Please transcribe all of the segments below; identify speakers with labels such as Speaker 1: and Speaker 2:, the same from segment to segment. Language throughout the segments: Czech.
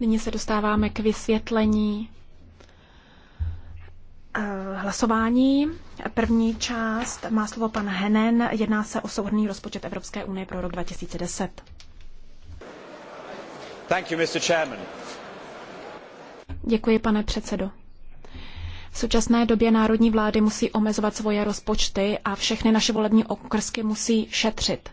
Speaker 1: Nyní se dostáváme k vysvětlení eh, hlasování. První část má slovo pan Henen. Jedná se o souhrný rozpočet Evropské unie pro rok 2010.
Speaker 2: Thank you, Mr. Chairman.
Speaker 1: Děkuji, pane předsedo. V současné době národní vlády musí omezovat svoje rozpočty a všechny naše volební okrsky musí šetřit.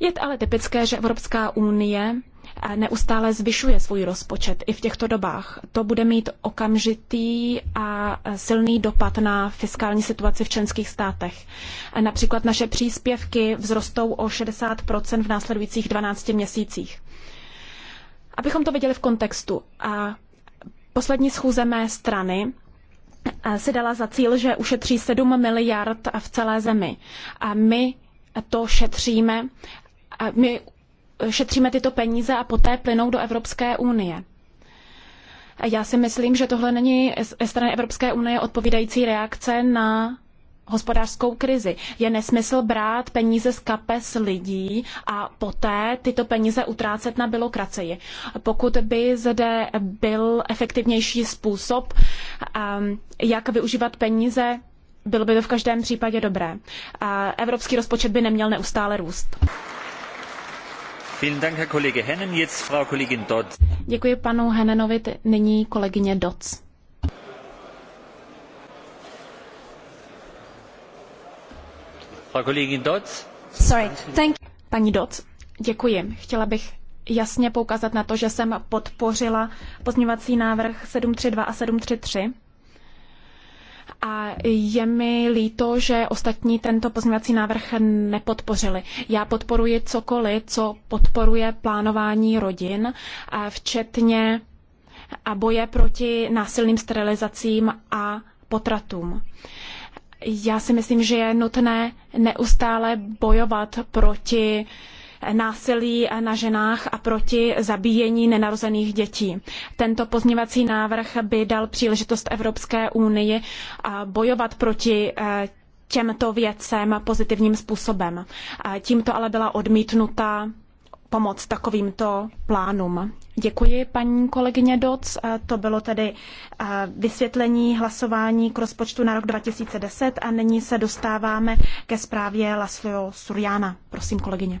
Speaker 1: Je ale typické, že Evropská unie eh, neustále zvyšuje svůj rozpočet i v těchto dobách. To bude mít okamžitý a eh, silný dopad na fiskální situaci v členských státech. Eh, například naše příspěvky vzrostou o 60 v následujících 12 měsících. Abychom to viděli v kontextu, a poslední schůze mé strany si dala za cíl, že ušetří 7 miliard v celé zemi. A my to šetříme a my šetříme tyto peníze a poté plynou do Evropské unie. Já si myslím, že tohle není ze strany Evropské unie odpovídající reakce na hospodářskou krizi. Je nesmysl brát peníze z kapes lidí a poté tyto peníze utrácet na bylokracii. Pokud by zde byl efektivnější způsob, um, jak využívat peníze, bylo by to v každém případě dobré. Evropský rozpočet by neměl neustále růst. Děkuji panu Hennenovi, nyní kolegyně Dodds. Sorry, thank Paní Dodds, děkuji. Chtěla bych jasně poukázat na to, že jsem podpořila pozměňovací návrh 732 a 733 a je mi líto, že ostatní tento pozměňovací návrh nepodpořili. Já podporuji cokoliv, co podporuje plánování rodin, včetně boje proti násilným sterilizacím a potratům. Já si myslím, že je nutné neustále bojovat proti uh, násilí na ženách a proti zabíjení nenarozených dětí. Tento pozměvací návrh by dal příležitost Evropské unii eh, bojovat proti eh, těmto věcem pozitivním způsobem. Tímto ale byla odmítnuta pomoc takovýmto plánům. Děkuji, paní kolegyně Doc. Eh, to bylo tedy vysvětlení hlasování k rozpočtu na rok 2010 a nyní se dostáváme ke zprávě Laslo Surjana. Prosím, kolegyně.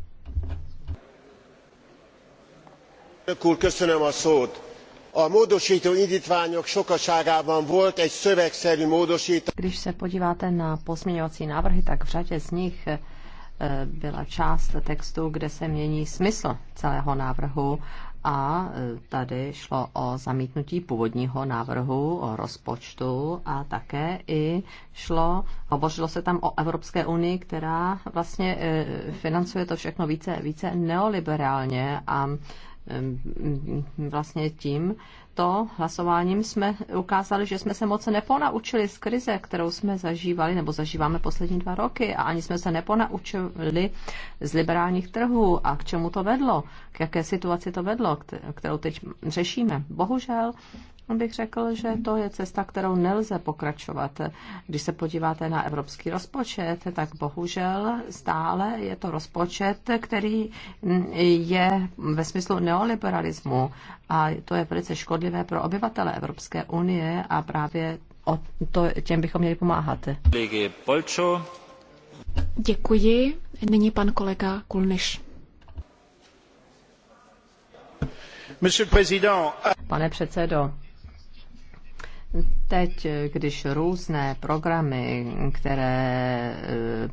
Speaker 3: a módostó indtványok sokaságában volt egy szövegszerű
Speaker 4: módostó. Když se podíváte na pozměňovací návrhy, tak v řadě z nich eh, byla část textu, kde se mění smysl celého návrhu a eh, tady šlo o zamítnutí původního návrhu o rozpočtu a také i šlo, hovořilo se tam o Evropské unii, která vlastně eh, financuje to všechno více, více neoliberálně a vlastně tím to hlasováním jsme ukázali, že jsme se moc neponaučili z krize, kterou jsme zažívali nebo zažíváme poslední dva roky a ani jsme se neponaučili z liberálních trhů a k čemu to vedlo, k jaké situaci to vedlo, kterou teď řešíme. Bohužel On bych řekl, že to je cesta, kterou nelze pokračovat. Když se podíváte na evropský rozpočet, tak bohužel stále je to rozpočet, který je ve smyslu neoliberalismu a to je velice škodlivé pro obyvatele Evropské unie a právě o to, těm bychom měli pomáhat. Děkuji.
Speaker 1: Nyní pan kolega Kulniš.
Speaker 4: Pane předsedo, Teď, když různé programy, které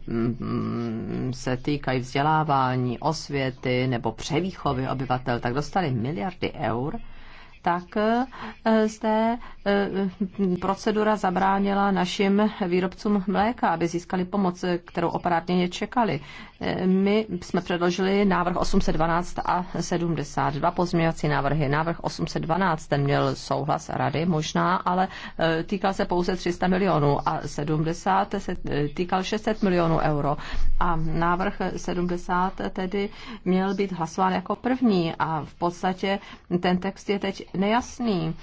Speaker 4: mm, se týkají vzdělávání, osvěty nebo převýchovy obyvatel, tak dostali miliardy eur, tak eh, zde eh, procedura zabránila našim výrobcům mléka, aby získali pomoc, kterou oprávněně čekali. Eh, my jsme předložili návrh 812 a 72 pozměňovací návrhy. Návrh 812 ten měl souhlas rady možná, ale týkal se pouze 300 milionů a 70 se týkal 600 milionů euro. A návrh 70 tedy měl být hlasován jako první a v podstatě ten text je teď nejasný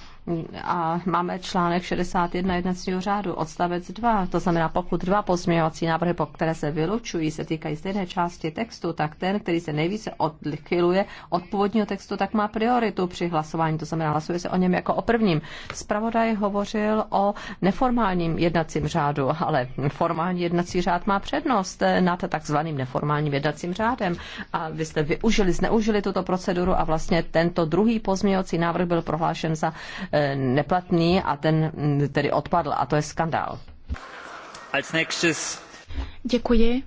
Speaker 4: a máme článek 61 jednacího řádu, odstavec 2, to znamená, pokud dva pozměňovací návrhy, po které se vylučují, se týkají stejné části textu, tak ten, který se nejvíce odchyluje od původního textu, tak má prioritu při hlasování, to znamená, hlasuje se o něm jako o prvním. Spravodaj hovořil o neformálním jednacím řádu, ale formální jednací řád má přednost nad takzvaným neformálním jednacím řádem a vy jste využili, zneužili tuto proceduru a vlastně tento druhý pozměňovací návrh byl prohlášen za Eh, neplatný a ten mm, tedy odpadl a to je skandál. Děkuji.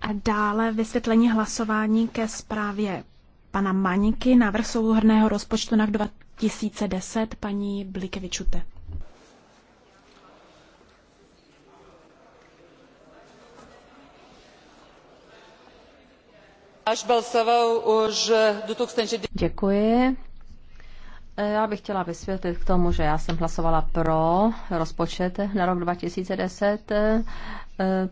Speaker 1: A dále vysvětlení hlasování ke zprávě pana Maniky, návrh souhrného rozpočtu na 2010, paní Blikevičute.
Speaker 4: Děkuji. Já bych chtěla vysvětlit k tomu, že já jsem hlasovala pro rozpočet na rok 2010, eh,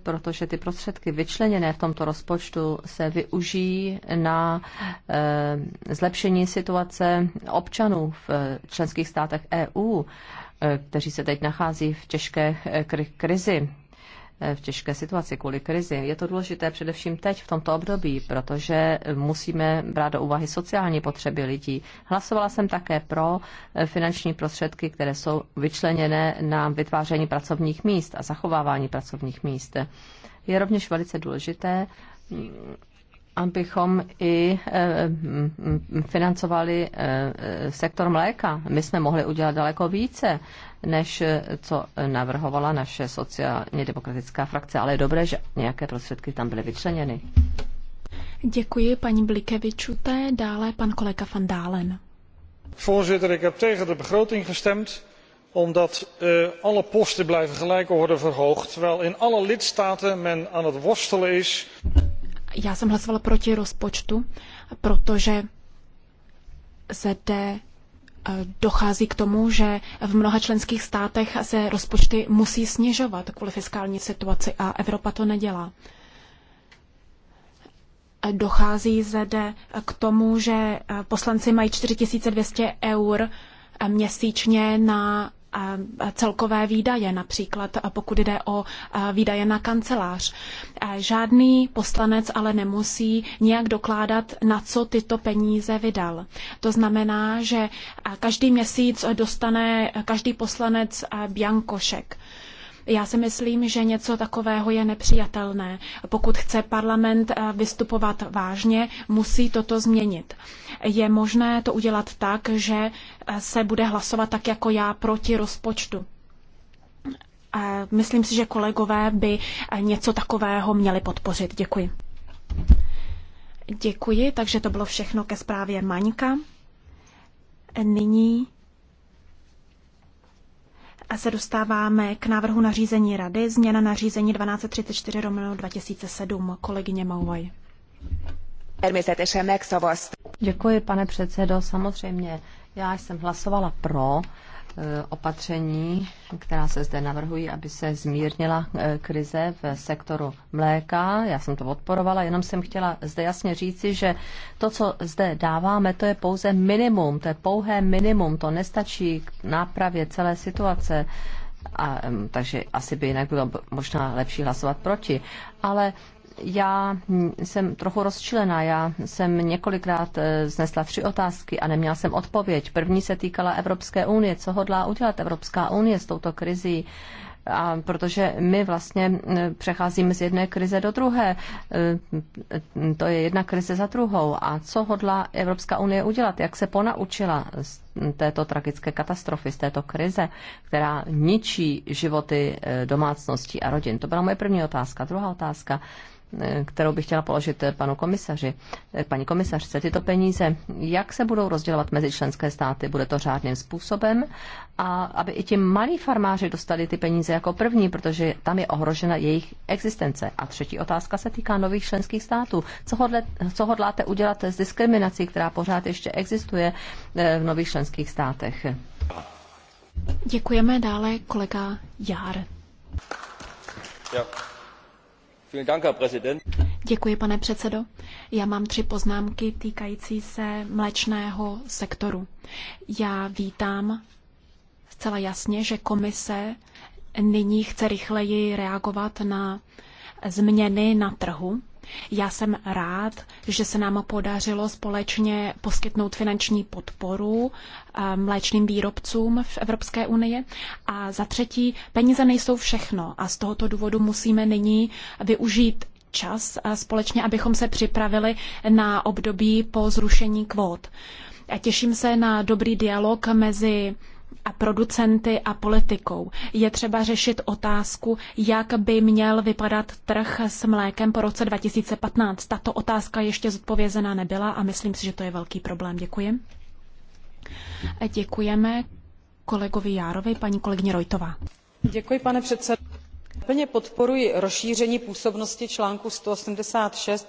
Speaker 4: protože ty prostředky vyčleněné v tomto rozpočtu se využijí na eh, zlepšení situace občanů v eh, členských státech EU, kteří se teď nachází v těžké krizi. Eh, v těžké situaci kvůli krizi. Je to důležité především teď, v tomto období, protože musíme brát do úvahy sociální potřeby lidí. Hlasovala jsem také pro eh, finanční prostředky, které jsou vyčleněné na vytváření pracovních míst a zachovávání pracovních míst. Je rovněž velice důležité abychom i eh, mm, financovali eh, eh, sektor mléka. My jsme mohli udělat daleko více, než co navrhovala naše sociálně demokratická frakce, ale je dobré, že nějaké prostředky tam byly vyčleněny.
Speaker 1: Děkuji paní Blikevičuté, dále pan kolega van Dálen.
Speaker 3: Voorzitter, ik heb tegen de begroting gestemd omdat uh, alle posten blijven gelijk worden verhoogd, terwijl in alle lidstaten men aan het worstelen is.
Speaker 1: Já jsem hlasovala proti rozpočtu, protože zde eh, dochází k tomu, že v mnoha členských státech se rozpočty musí snižovat kvůli fiskální situaci a Evropa to nedělá. Eh, dochází zde eh, k tomu, že poslanci mají 4200 eur měsíčně na celkové výdaje, například pokud jde o výdaje na kancelář. Žádný poslanec ale nemusí nějak dokládat, na co tyto peníze vydal. To znamená, že každý měsíc dostane každý poslanec biankošek. Já si myslím, že něco takového je nepřijatelné. Pokud chce parlament eh, vystupovat vážně, musí toto změnit. Je možné to udělat tak, že eh, se bude hlasovat tak jako já proti rozpočtu. Eh, myslím si, že kolegové by něco takového měli podpořit. Děkuji. Děkuji, takže to bylo všechno ke zprávě Maňka. Nyní a se dostáváme k návrhu nařízení Rady, změna nařízení 1234 2007, kolegyně
Speaker 4: Mauvaj. Děkuji, pane předsedo. Samozřejmě, já jsem hlasovala pro Eh, opatření, která se zde navrhují, aby se zmírnila eh, krize v sektoru mléka. Já jsem to odporovala, jenom jsem chtěla zde jasně říci, že to, co zde dáváme, to je pouze minimum, to je pouhé minimum, to nestačí k nápravě celé situace. A, takže asi by jinak bylo možná lepší hlasovat proti. Ale já jsem trochu rozčilená. Já jsem několikrát eh, znesla tři otázky a neměla jsem odpověď. První se týkala Evropské unie. Co hodlá udělat Evropská unie s touto krizí? A protože my vlastně eh, přecházíme z jedné krize do druhé, eh, to je jedna krize za druhou. A co hodlá Evropská unie udělat? Jak se ponaučila z této tragické katastrofy, z této krize, která ničí životy domácností a rodin? To byla moje první otázka. Druhá otázka kterou bych chtěla položit panu komisaři, paní komisařce. Tyto peníze, jak se budou rozdělovat mezi členské státy? Bude to řádným způsobem? A aby i ti malí farmáři dostali ty peníze jako první, protože tam je ohrožena jejich existence. A třetí otázka se týká nových členských států. Co, hodle, co hodláte udělat s diskriminací, která pořád ještě existuje eh, v nových členských státech? Děkujeme dále kolega Jár. Yeah.
Speaker 1: Děkuji, pane předsedo. Já mám tři poznámky týkající se mléčného sektoru. Já vítám zcela jasně, že komise nyní chce rychleji reagovat na změny na trhu já jsem rád, že se nám podařilo společně poskytnout finanční podporu ehm, mléčným výrobcům v Evropské unii. A za třetí, peníze nejsou všechno a z tohoto důvodu musíme nyní využít čas společně, abychom se připravili na období po zrušení kvót. Těším se na dobrý dialog mezi a producenty a politikou. Je třeba řešit otázku, jak by měl vypadat trh s mlékem po roce 2015. Tato otázka ještě zodpovězená nebyla a myslím si, že to je velký problém. Děkuji. Děkujeme kolegovi Járovi, paní kolegyně Rojtová.
Speaker 3: Děkuji, pane předsedo. Plně podporuji rozšíření působnosti článku 186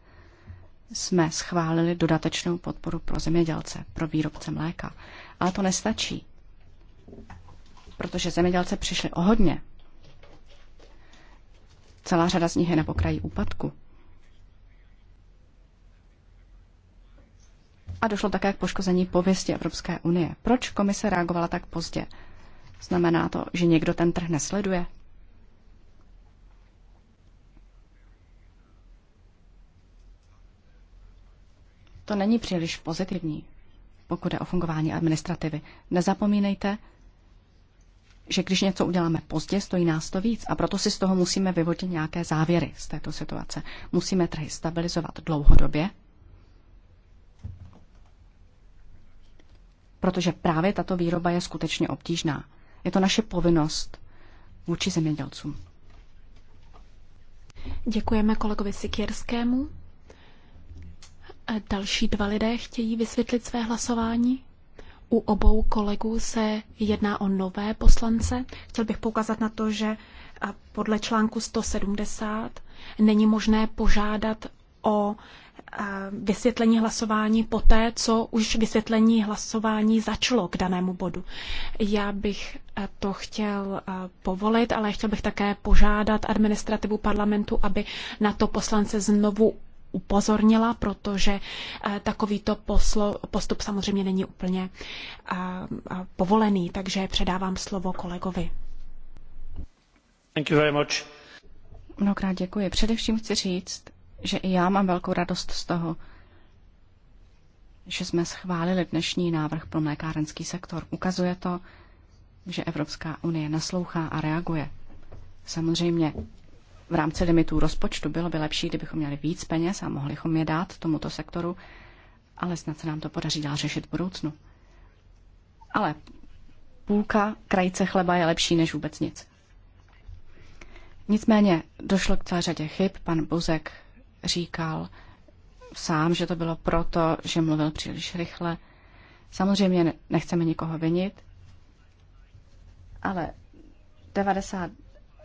Speaker 2: jsme schválili dodatečnou podporu pro zemědělce, pro výrobce mléka. Ale to nestačí, protože zemědělce přišli o hodně. Celá řada z nich je na pokraji úpadku. A došlo také k poškození pověsti Evropské unie. Proč komise reagovala tak pozdě? Znamená to, že někdo ten trh nesleduje? to není příliš pozitivní, pokud je o fungování administrativy. Nezapomínejte, že když něco uděláme pozdě, stojí nás to víc a proto si z toho musíme vyvodit nějaké závěry z této situace. Musíme trhy stabilizovat dlouhodobě, protože právě tato výroba je skutečně obtížná. Je to naše povinnost vůči zemědělcům.
Speaker 1: Děkujeme kolegovi Sikierskému. Další dva lidé chtějí vysvětlit své hlasování. U obou kolegů se jedná o nové poslance. Chtěl bych poukázat na to, že podle článku 170 není možné požádat o vysvětlení hlasování poté, co už vysvětlení hlasování začalo k danému bodu. Já bych to chtěl povolit, ale chtěl bych také požádat administrativu parlamentu, aby na to poslance znovu upozornila, protože eh, takovýto poslo, postup samozřejmě není úplně eh, eh, povolený, takže předávám slovo kolegovi.
Speaker 3: Thank you very much.
Speaker 1: Mnohokrát děkuji. Především
Speaker 2: chci říct, že i já mám velkou radost z toho, že jsme schválili dnešní návrh pro mlékárenský sektor. Ukazuje to, že Evropská unie naslouchá a reaguje. Samozřejmě v rámci limitů rozpočtu. Bylo by lepší, kdybychom měli víc peněz a mohli bychom je dát tomuto sektoru, ale snad se nám to podaří dál řešit v budoucnu. Ale půlka krajice chleba je lepší než vůbec nic. Nicméně došlo k celé řadě chyb. Pan Buzek říkal sám, že to bylo proto, že mluvil příliš rychle. Samozřejmě nechceme nikoho vinit, ale 90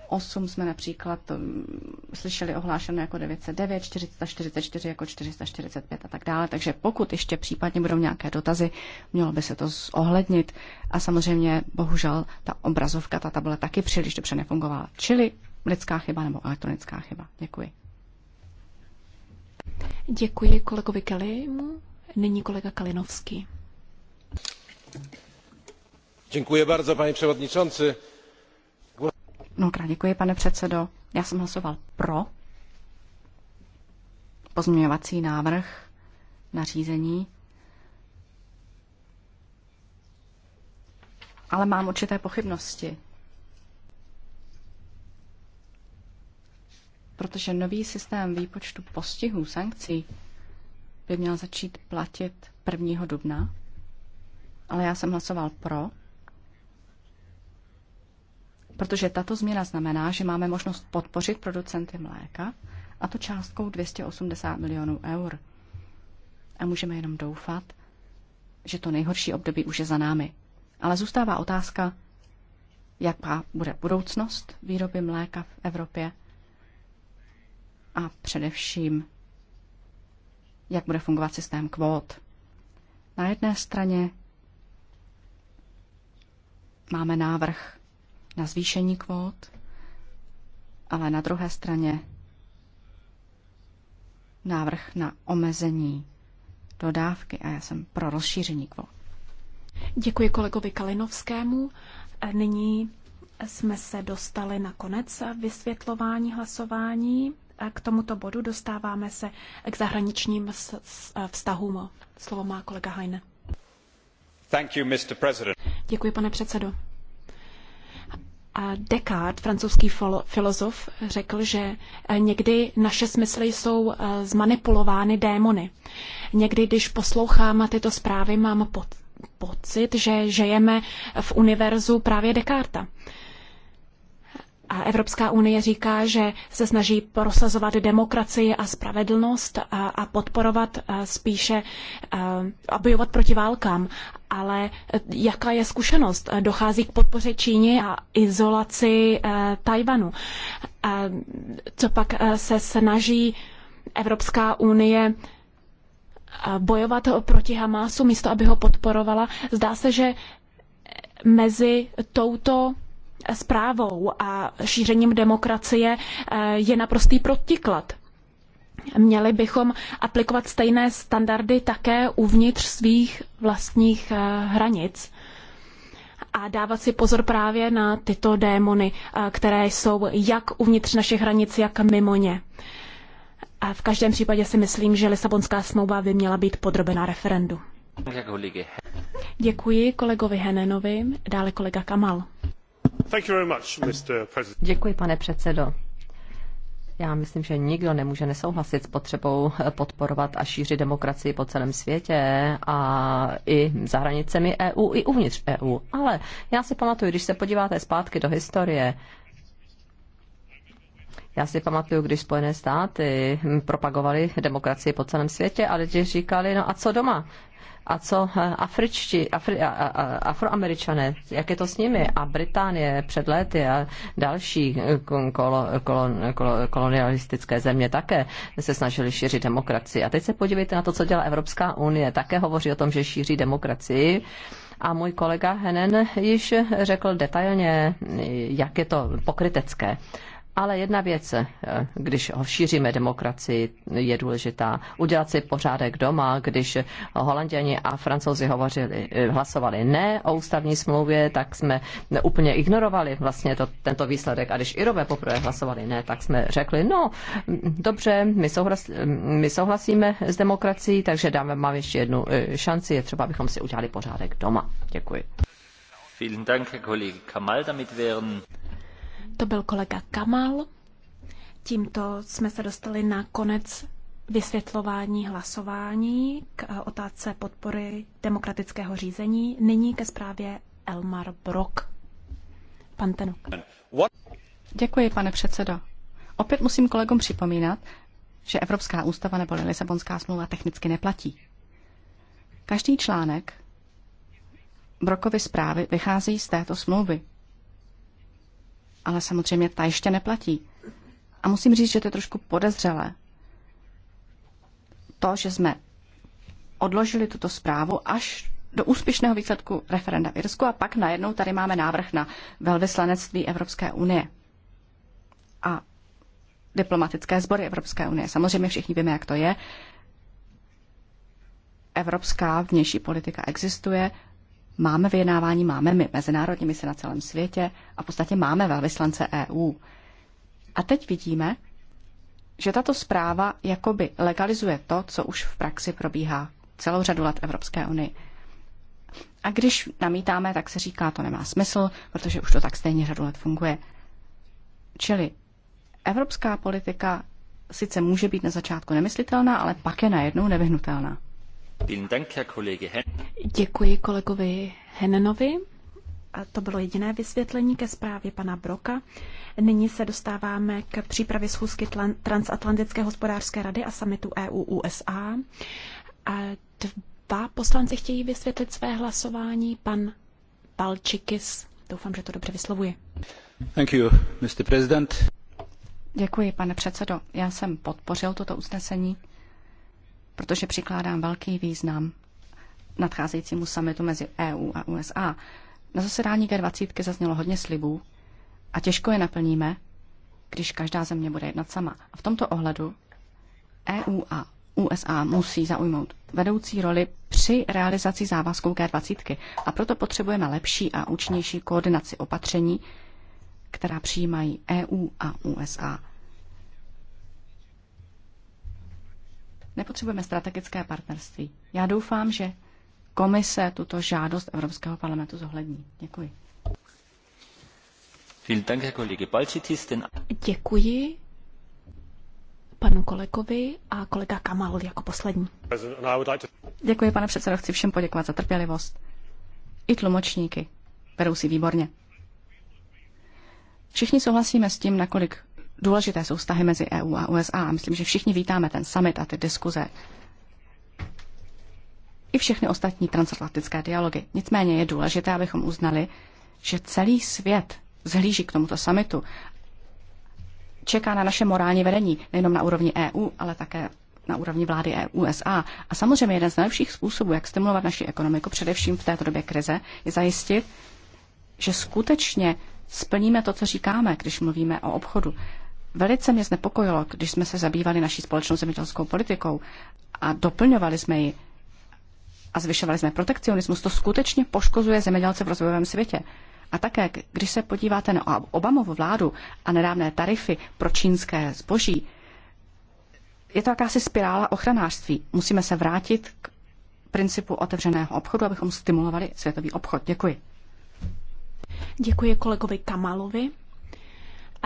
Speaker 2: 8 jsme například mm, slyšeli ohlášeno jako 909, 444 jako 445 a tak dále. Takže pokud ještě případně budou nějaké dotazy, mělo by se to zohlednit. A samozřejmě, bohužel, ta obrazovka, ta tabule taky příliš dobře nefungovala. Čili lidská chyba nebo elektronická chyba. Děkuji.
Speaker 1: Děkuji kolegovi Kelimu. Nyní kolega Kalinovský. Děkuji bardzo, panie przewodniczący.
Speaker 2: Mnohokrát děkuji, pane předsedo. Já jsem hlasoval pro pozměňovací návrh na řízení, ale mám určité pochybnosti. Protože nový systém výpočtu postihů sankcí by měl začít platit 1. dubna, ale já jsem hlasoval pro, protože tato změna znamená, že máme možnost podpořit producenty mléka, a to částkou 280 milionů eur. A můžeme jenom doufat, že to nejhorší období už je za námi. Ale zůstává otázka, jaká bude budoucnost výroby mléka v Evropě a především, jak bude fungovat systém kvót. Na jedné straně máme návrh na zvýšení kvót, ale na druhé straně návrh na omezení dodávky a já jsem pro rozšíření kvót.
Speaker 1: Děkuji kolegovi Kalinovskému. Nyní jsme se dostali na konec vysvětlování hlasování. K tomuto bodu dostáváme se k zahraničním vztahům. Slovo má kolega Heine. You, Děkuji, pane předsedo. Descartes, francouzský filozof, řekl, že e, někdy naše smysly jsou e, zmanipulovány démony. Někdy, když poslouchám tyto zprávy, mám pocit, že žijeme v univerzu právě Descartes. A Evropská unie říká, že se snaží prosazovat demokracii a spravedlnost a, a podporovat a spíše a, bojovat proti válkám. Ale e, jaká je zkušenost? Dochází k podpoře Číny a izolaci e, Tajvanu. Co pak e, se snaží Evropská unie bojovat proti Hamásu, místo aby ho podporovala? Zdá se, že mezi touto zprávou a šířením demokracie eh, je naprostý protiklad. Měli bychom aplikovat stejné standardy také uvnitř svých vlastních eh, hranic a dávat si pozor právě na tyto démony, eh, které jsou jak uvnitř našich hranic, jak mimo ně. A v každém případě si myslím, že Lisabonská smlouva by měla být podrobena referendu. Děkuji kolegovi Henenovi, dále kolega Kamal.
Speaker 4: Děkuji, pane předsedající Já myslím, že nikdo nemůže nesouhlasit s potřebou podporovat a šířit demokracii po celém světě a i za hranicemi EU, i uvnitř EU. Ale já si pamatuju, když se podíváte zpátky do historie, já si pamatuju, když Spojené státy propagovaly demokracii po celém světě a lidi říkali, no a co doma? A co eh, afričtí, Afri, afroameričané, jak je to s nimi? A Británie před lety a další eh, kolo, kolo, kolo, kolonialistické země také se snažili šířit demokracii. A teď se podívejte na to, co dělá Evropská unie. Také hovoří o tom, že šíří demokracii. A můj kolega Henen již řekl detailně, jak je to pokrytecké. Ale jedna věc, eh, když šíříme demokracii, je důležitá. Udělat si pořádek doma, když Holanděni a Francouzi hovořili, eh, hlasovali ne o ústavní smlouvě, tak jsme úplně ignorovali vlastně to, tento výsledek. A když Irové poprvé hlasovali ne, tak jsme řekli, no dobře, my, souhlas, my souhlasíme s demokracií, takže dáme vám ještě jednu eh, šanci, je třeba, abychom si udělali pořádek doma. Děkuji. Vielen Dank, Herr Kollege Kamal. Damit wären
Speaker 1: to byl kolega Kamal. Tímto jsme se dostali na konec vysvětlování hlasování k otázce podpory demokratického řízení. Nyní ke zprávě Elmar Brok. Pan Tenok. Děkuji, pane předsedo. Opět musím kolegům připomínat,
Speaker 2: že Evropská ústava nebo Lisabonská smlouva technicky neplatí. Každý článek Brokovy zprávy vychází z této smlouvy, ale samozřejmě ta ještě neplatí. A musím říct, že to je trošku podezřelé. To, že jsme odložili tuto zprávu až do úspěšného výsledku referenda v Irsku a pak najednou tady máme návrh na velvyslanectví Evropské unie a diplomatické sbory Evropské unie. Samozřejmě všichni víme, jak to je. Evropská vnější politika existuje, Máme vyjednávání, máme my mezinárodní mise na celém světě a v podstatě máme velvyslance EU. A teď vidíme, že tato zpráva jakoby legalizuje to, co už v praxi probíhá celou řadu let Evropské unii. A když namítáme, tak se říká, to nemá smysl, protože už to tak stejně řadu let funguje. Čili evropská politika sice může být na začátku nemyslitelná, ale pak je najednou nevyhnutelná.
Speaker 1: Děkuji kolegovi Hennenovi. to bylo jediné vysvětlení ke zprávě pana Broka. Nyní se dostáváme k přípravě schůzky Transatlantické hospodářské rady a samitu EU-USA. Dva poslanci chtějí vysvětlit své hlasování. Pan Palčikis, doufám, že to dobře vyslovuji.
Speaker 3: Thank you, Mr. President.
Speaker 2: Děkuji, pane předsedo. Já jsem podpořil toto usnesení protože přikládám velký význam nadcházejícímu summitu mezi EU a USA. Na zasedání G20 zaznělo hodně slibů a těžko je naplníme, když každá země bude jednat sama. A v tomto ohledu EU a USA musí zaujmout vedoucí roli při realizaci závazků G20 a proto potřebujeme lepší a účinnější koordinaci opatření, která přijímají EU a USA. Nepotřebujeme strategické partnerství. Já doufám, že komise tuto žádost Evropského parlamentu zohlední. Děkuji.
Speaker 1: Děkuji panu kolegovi a kolega Kamal jako poslední. Děkuji, pane předsedo, chci všem
Speaker 2: poděkovat za trpělivost. I tlumočníky. Berou si výborně. Všichni souhlasíme s tím, nakolik důležité jsou vztahy mezi EU a USA. Myslím, že všichni vítáme ten summit a ty diskuze i všechny ostatní transatlantické dialogy. Nicméně je důležité, abychom uznali, že celý svět zhlíží k tomuto summitu. Čeká na naše morální vedení, nejenom na úrovni EU, ale také na úrovni vlády e USA. A samozřejmě jeden z nejlepších způsobů, jak stimulovat naši ekonomiku, především v této době krize, je zajistit, že skutečně splníme to, co říkáme, když mluvíme o obchodu. Velice mě znepokojilo, když jsme se zabývali naší společnou zemědělskou politikou a doplňovali jsme ji a zvyšovali jsme protekcionismus, to skutečně poškozuje zemědělce v rozvojovém světě. A také, když se podíváte na Obamovu vládu a nedávné tarify pro čínské zboží, je to jakási spirála ochranářství. Musíme se vrátit k principu otevřeného obchodu, abychom stimulovali světový obchod. Děkuji.
Speaker 1: Děkuji kolegovi Kamalovi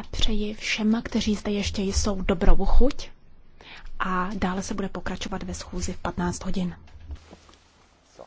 Speaker 1: a přeji všem, kteří zde ještě jsou, dobrou chuť a dále se bude pokračovat ve schůzi v 15 hodin.
Speaker 3: So.